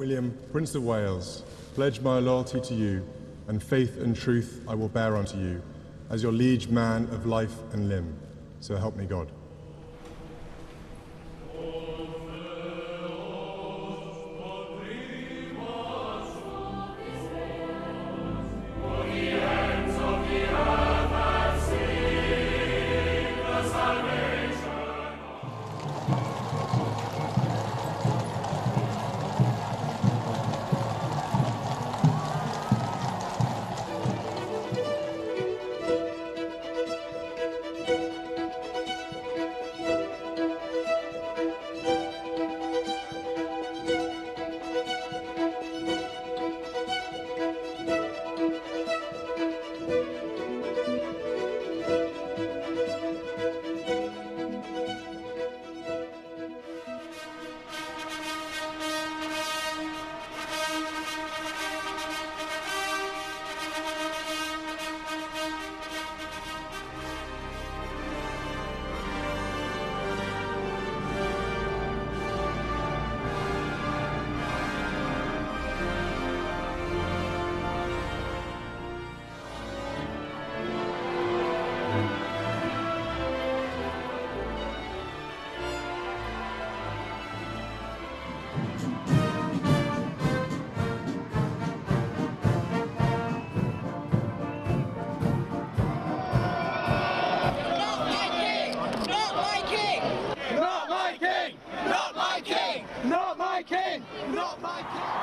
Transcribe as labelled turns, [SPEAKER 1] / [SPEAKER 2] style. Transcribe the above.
[SPEAKER 1] William, Prince of Wales, pledge my loyalty to you, and faith and truth I will bear unto you, as your liege man of life and limb. So help me God.
[SPEAKER 2] king, not my king.